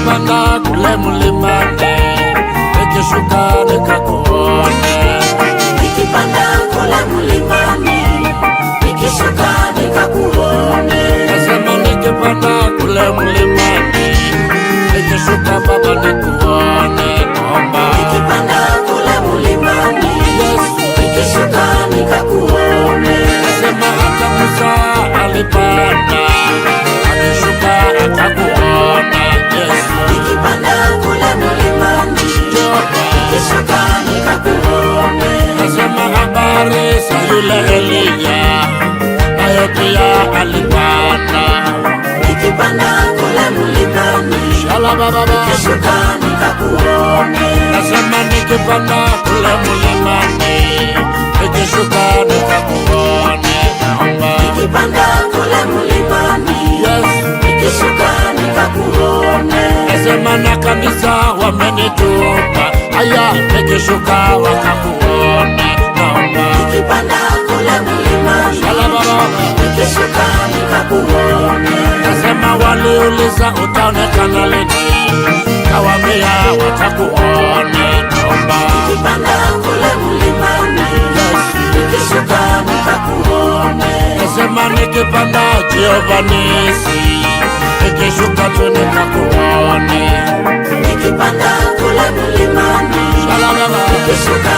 ukipanda kule mlimani, nikishuka nikako yule Elia na Yokia alipata ikipanda kule mlimani, shala baba baba, nikishuka nikakuone. Nasema nikipanda kule mlimani, nikishuka nikakuone. ikipanda kule mlimani, yes, nikishuka nikakuone. Nasema na kanisa wamenitupa, haya nikishuka wakakuone kuone. Nasema waliuliza utaonekana lini, kawambia watakuone. Naomba ukipanda kule mlimani, ukishuka nitakuone. Nasema nikipanda Jehova Nisi, nikishuka tu nitakuone. Nikipanda kule mlimani, ukishuka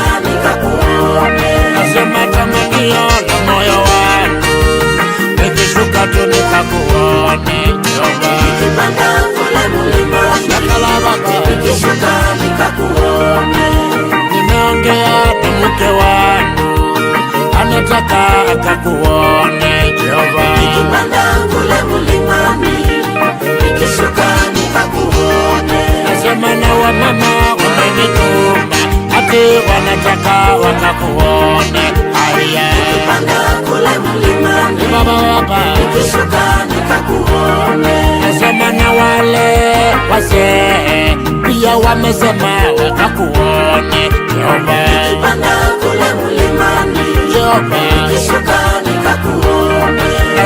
kutaka akakuone Jehova. Nikipanda kule mlimani, nikishuka nikakuone. Nasema na wamama wamenikumba, ati wanataka wakakuone. Haya, nikipanda kule mlimani, baba baba, nikishuka nikakuone. Nasema na wale wazee pia wamesema wakakuone Jehova.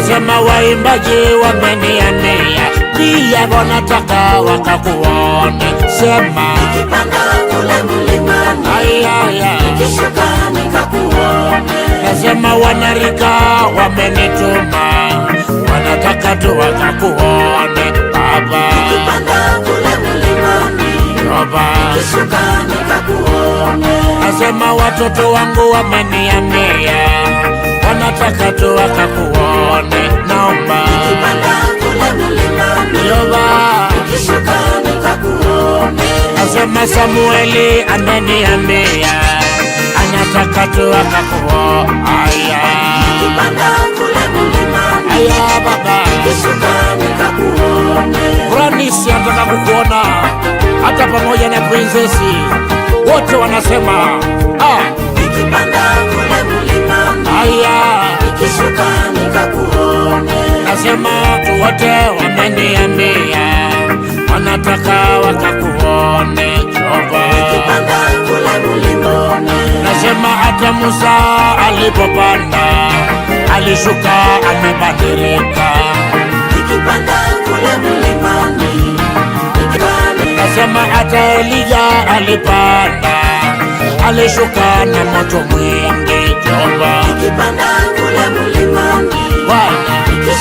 Wanasema waimbaji wameniania pia wanataka wakakuone. Sema Nasema wanarika wamenituma, wanataka tu wakakuone Baba. Nasema watoto wangu wameniania wanataka tu wakakuone ninaomba, nikipanda Asema Samueli ameniambia, anataka tu akakuo aya aya baba, nikishuka nitakuona. Branisi anataka kukuona hata pamoja na princess wote wanasema ah Wanasema watu wote wameniambia, wanataka wakakuone Nasema hata Musa alipopanda alishuka amebadilika. Nasema hata Elija alipanda alishuka na moto mwingi.